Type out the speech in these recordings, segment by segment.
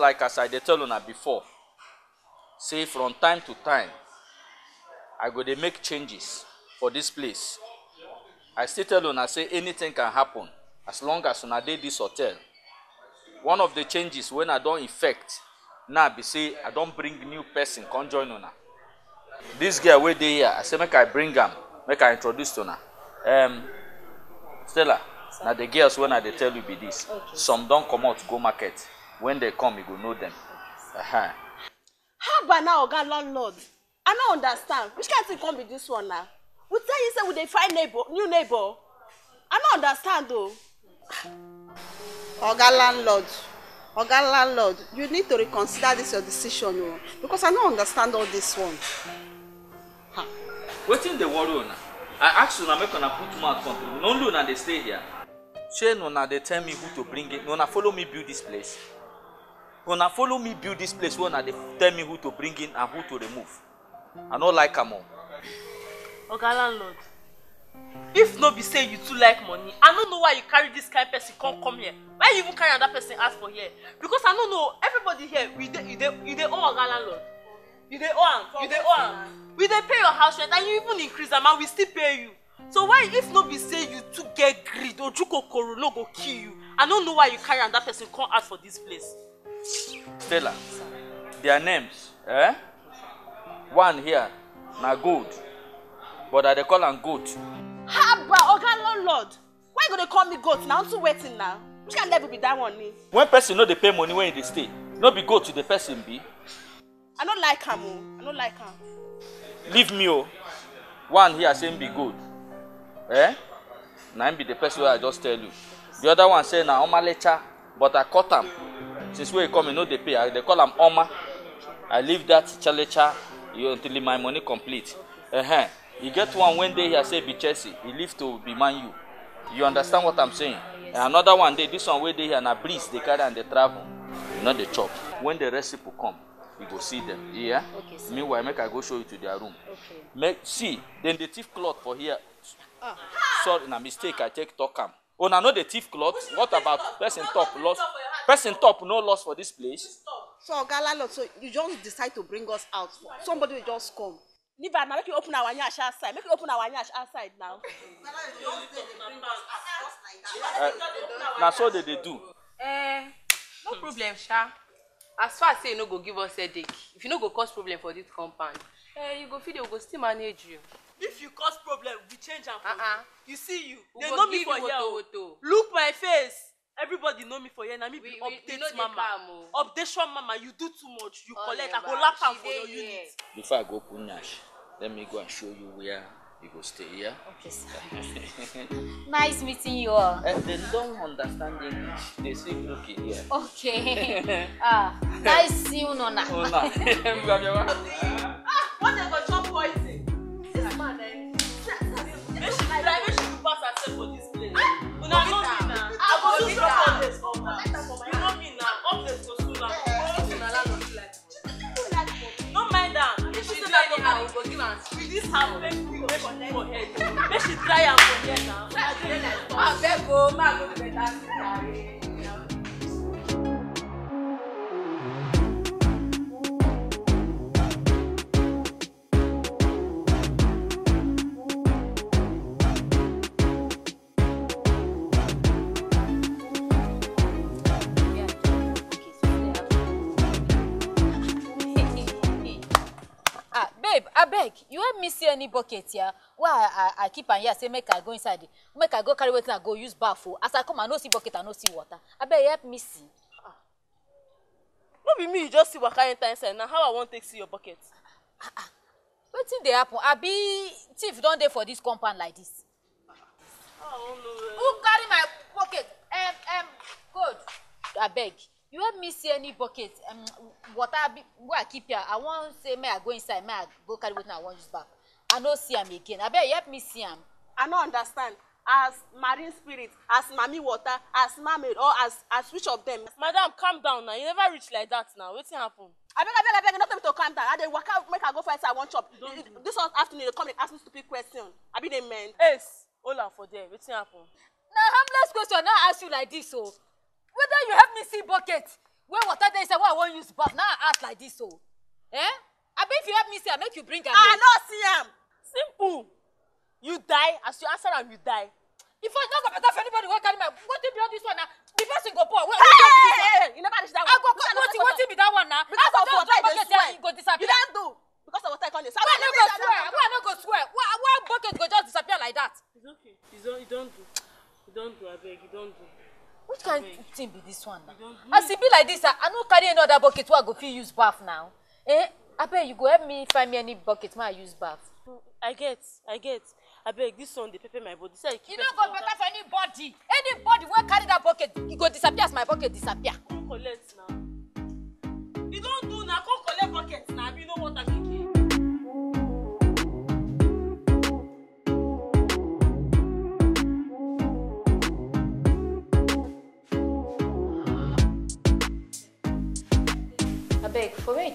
like as i dey tell una before say from time to time i go dey make changes for this place i still tell una say anything can happen as long as una dey this hotel one of the changes wey i don effect now be say i don bring new person come join una This girl wey dey here i say make i bring am make i introduce to una um, stella na the girls wey i dey tell you be dis some don comot go market when they come you go know them. Uh-huh. how about now oga landlord i no understand which kind thing come be this one now? we tell you say we dey find neighbor new neighbor i no understand o. oga landlord oga landlord you need to reconsider this your decision o oh. because i no understand all this one. Huh. wetin dey worry una i ask una make una put mouth for me no only una dey stay here shey una dey tell me who to bring in una follow me build dis place una follow me build this place wey una dey tell me who to bring in and who to remove i no like am o. oga landlord if no be say you too like money i no know why you carry this kind person come come here why you even carry another person ask for here because i no know everybody here we dey you dey you dey owe oga landlord you dey owe am you dey owe am we dey pay your house rent and you even increase am and we still pay you so why if no be say you too get greed ojukokoro no go kill you i no know why you carry another person come ask for this place. Stella. Their names, eh? One here, na gold. But I they call am goat. Haba, Oga Lord! why you go dey call me goat Now I'm too waiting now. Which can never be that one ni? When person know they pay money when they stay, no be goat to the person be. I no like him, oh! I no like him. Leave me oh! One here saying be good, Eh? Now him be the person wey I just tell you. The other one say na Omalecha, but I cut am since wey come e no dey pay i dey call am oma i leave that chalecha until my money complete uh -huh. e get one wey dey here say be chelsea He leave to be man u you understand what i'm saying and another one dey this one wey dey here na breeze dey carry am dey travel e no dey chop when the rest people come you go see them yeah okay, meanwhile make i go show you to their room okay. make see dem dey thief cloth for here ah. sorry na mistake i take talk am una oh, know the thief cloth what about person top loss. person top no loss for this place. so oga landlord so you just decide to bring us out somebody will just come. liver na make you open our nyash outside make you open our nyash outside now. uh, na so they dey do. Uh, no problem sha as far as say you no go give us headache if you no go cause problem for this compound uh, you go fit dey we go still manage you if you cause problem we change am for uh-uh. you you see you we they know me for here oh. o look my face everybody know me for here na me be update mama oh. updation mama you do too much you oh, collect i go lap am for your unit. before i go kunash let me go and show you where you go stay here. Okay, sir. nice meeting you all. Uh, they don't understand English. They say rookie here. Okay. ah, nice seeing you, Nona. Nona. her make we make she try and forget, here now. abeg you help me see any bucket here wey i i keep am here say make i go inside make i go carry wetin i go use baff o oh. as i come i no see bucket i no see water abeg help me see. no be me you just see waka enter inside na how i wan take see your bucket. ah ah wetin dey happen abi thief don dey for dis compound like dis. Ah, eh. who carry my bucket um, um, gold abeg you help me see any bucket um, water be, wey i keep here i wan say may i go inside may i go carry wetin i wan use back i no see am again abeg help me see am. i no understand as marine spirit as mami water as mermaid or as as which of them. madam calm down na you never reach like that now wetin happen. abeg abeg abeg no tell me to calm down i dey waka make i go find say i wan chop this one afternoon dey come dey ask me stupid question I be dey mend. ace hold am for there wetin happen. na harmless question na ask you like this o. Oh whether you help me see bucket wey water dey inside wey i wan use baff now i act like this o oh. so. eh abi if you help me see am make you bring am. Ah, i no see am. simple you die as you answer am you die. if i no go better for you. any other bucket wey i go fit use baff now eh abeg you go help me find me any bucket wey i use baff. i get i get abeg dis one dey pepper my body say i keep. e no go better for anybody anybody wey carry dat bucket e go disappear as my bucket disappear. come collect na.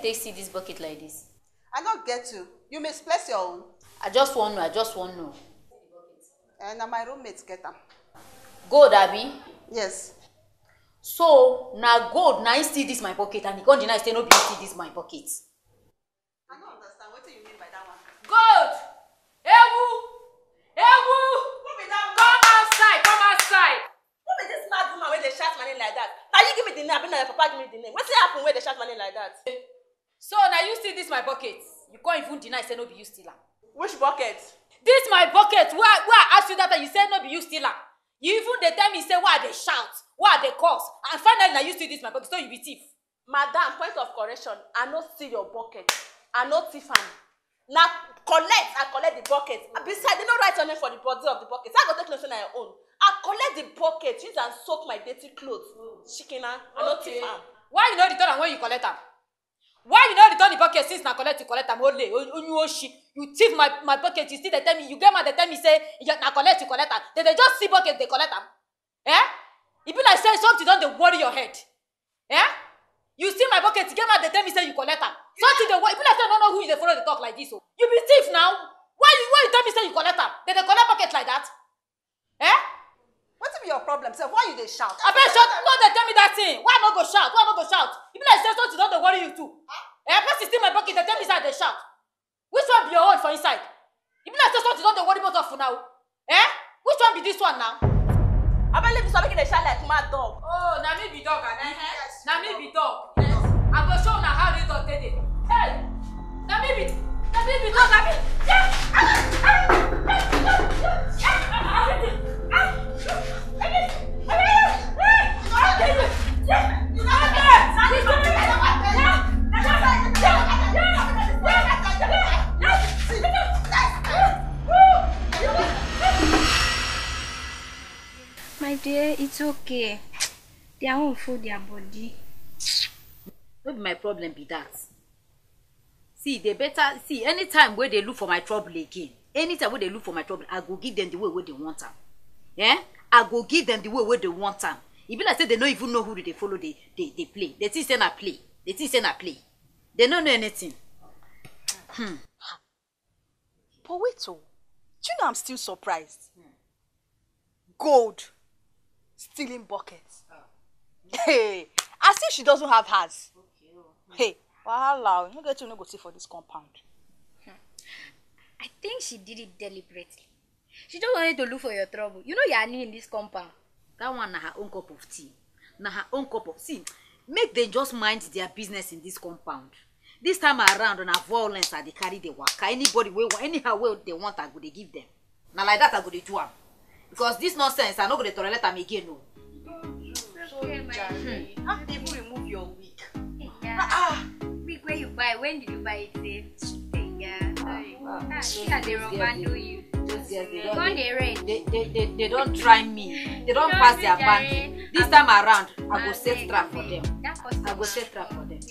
take see this bucket like this. i no get you you misplace your own i just wan know i just wan know now my roommates get am gold Abby. yes so now gold Now you see this my pocket and you come deny You no be im steal my pocket i don't understand what do you mean by that one gold ewu ewu who be dat come outside come outside who be this mad woman where they shout my name like that? na you give me the name abi na your papa give me the name wetin happen where they shout my name like that? so now you steal this my bucket you can't even deny say no be you stealer. which bucket This my bucket wey i ask you that time you say no be you stealer. you even the time you say why i dey shout why i dey curse and finally now you steal this my bucket so you be thief madam point of correction i no steal your bucket i no thief am na collect i collect the bucket besides they no write your name for the body of the bucket so i go take know on na your own i collect the bucket use and soak my dirty cloth shikina ah, i no thief am why you no return am when you collect her? why you no return the bucket since na collect you collect am ole onyu oshi you thief my my bucket you still dey tell me you get mad dey tell me say na collect you collect am dey dey just see bucket dey collect am eh e be like say something don dey worry your head eh you steal my bucket you get mad dey tell me say you collect am something dey worry e be like say I no know who you dey follow dey talk like this o you be thief now why you why you tell me say you collect am dey dey collect bucket like that eh me your problem sef why you dey shout. abeg shout. no dey tell me dat thing why i no go shout why i no go shout e be like say something don dey worry you too eh person steal my bucket dey tell me say i dey shout which one be your own for inside e be like say something don dey worry both of una o eh which one be this one now. abeg leave me one. make you dey shout like mad dog. their won't full their body. no be my problem be that see they better see anytime where they look for my trouble again anytime where they look for my trouble i go give them the way where they want them. Yeah, i go give them the way where they want them. Even I say they no even know who they follow They they they play they think they're not play they think they're not play they no know anything. Hmm. but oh, do you know i'm still surprised gold stealing buckets hey as if she doesn't have hers hey wahala you get wetin no go see for this compound. i think she did it deliberately she just wanted to look for your trouble you know you are new in this compound that one na her own cup of tea na her own cup of tea. make them just mind their business in this compound This time around on a violence i dey carry the waka anybody wey want anyhow wey dey want i go they give them. na like that, i go dey do am because this nonsense i no go dey tolerate am again o sorry, Jerry. How did you remove your wig? Yeah. Ah, ah, wig where you buy? When did you buy it? Eh? Yeah. they don't. try me. They don't pass their bank. This time around, I go ah, eh, set trap for them. I go set trap for them.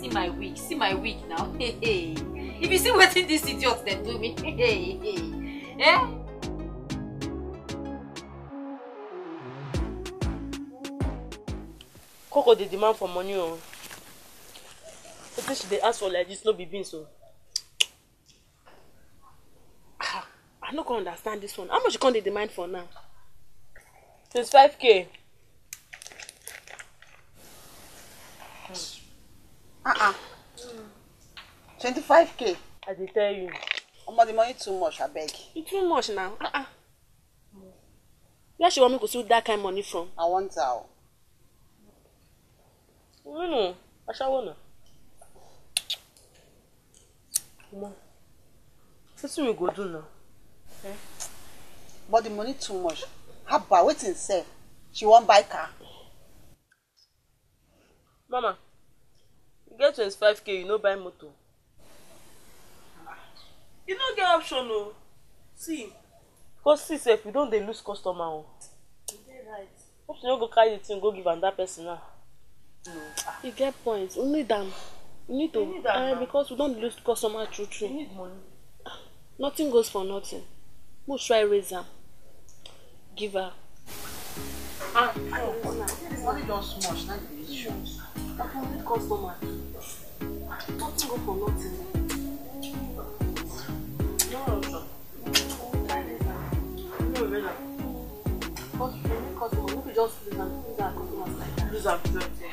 See my wig. See my wig now. Hey, hey if you see wetin dis idiot dem do me eh. koko dey demand for money oh. wetin she dey ask for like this, no be beans o ah i no go understand this one how much you come demand for now since 5k Uh uh twenty-five k. i dey tell you. omo the money too much I beg. It's e too much now. ah ah where she want me to steal that kind of money from. i want her o. nínú aṣáwó náà. omo wetin we go do now. Eh? but the money too much haba wetin sef she wan buy car. mama you get twenty-five k you no buy motor you no get option o see cos see sef we don dey lose customer o you right hope you no go carry the thing go give another person now no you get point we need am we need to we need am uh, because we don dey lose customer true true we need money nothing goes for nothing Must try raise am give her. ah I don't no money don small na the issue na for customer nothing go for nothing. güzel güzel güzel.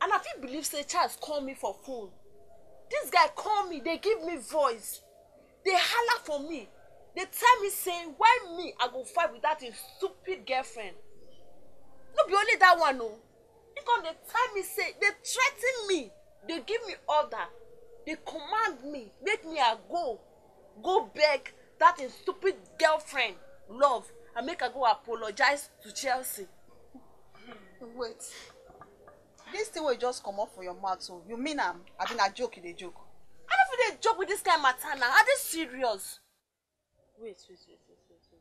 And I fit believe say Charles call me for phone. This guy call me, they give me voice. They holler for me. They tell me saying, why me I go fight with that stupid girlfriend no be only that one o e come dey tell me say dey threa ten me dey give me order dey command me make me i go go beg that im stupid girlfriend love and make i go apologize to chelsea. wait dis thing wey you just comot for your mouth so you mean am abi na joke you dey joke. i no fit dey joke with dis kind of matter na i dey serious. wait wait wait wait wait wait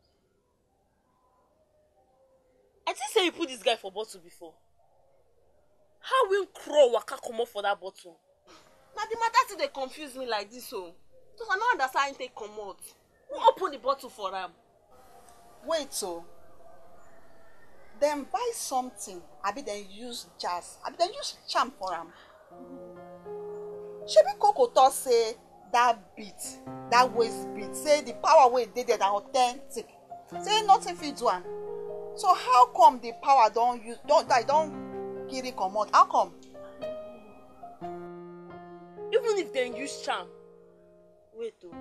think say you put this guy for bottle before how will crawl waka come comot for that bottle Now the matter still they confuse me like this, o oh. so i no understand him take comot who open the bottle for them? wait o oh. Then buy something I be then use jazz I be then use charm for am shebi Coco talk say that beat that waist beat say the power way dey there authentic say nothing for do am so how come the power don use don die don carry comot how come even if dem use charm wait o oh.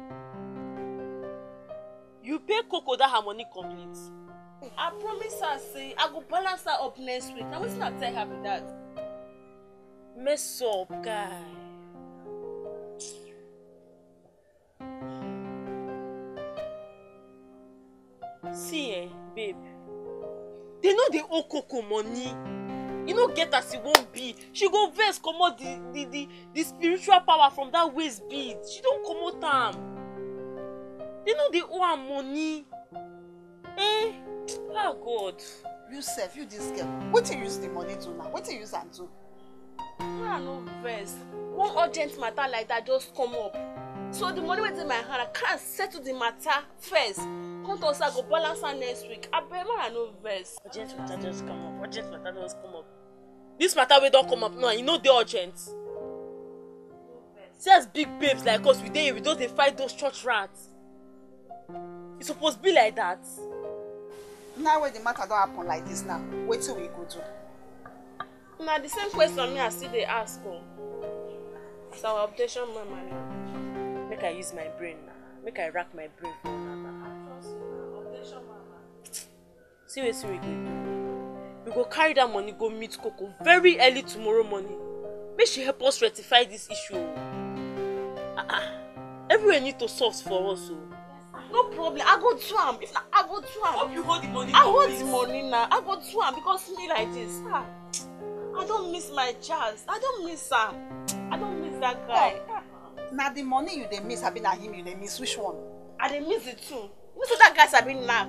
you pay coco dat her money complete i promise her say i go balance her up next week na wetin i tell her be dat mess up guy see eh babe they no dey owe koko money e no get as e wan be she go vex comot the the the the spiritual power from that waist bead she don comot am they no dey owe am money eh ah god. you sef you dis girl wetin you use the money do now wetin you use am do. ah no vex one urgent matter like that just come up so the money wey dey my hand i can settle the matter first Come to Osa, go Balasa next week. I bet man, I no vex. Urgent matter just come up. Urgent matter just come up. This matter wey don't come up e No, you know dey urgent. See as big babes like us, we dey we don't dey fight those church rats. It's e supposed to be like that. Now wey the matter don't happen like this now, wait till we go do? Now the same question me i still they ask o oh. it's our updation mama now make i use my brain na make i rack my brain. seriously we go we go carry that money go meet Coco very early tomorrow morning make she help us rectify this issue o ah ah everywhere need to soft for us o. Oh. no problem i go do am if na i go do am. hope you hold the money for me. i hold the money na i go do am because me like this ah i don miss my chance i don miss am i don miss that guy. Oh. Ah, ah. na the money you dey miss abi na him you dey miss which one. i dey miss the two you know say dat guy sabi knack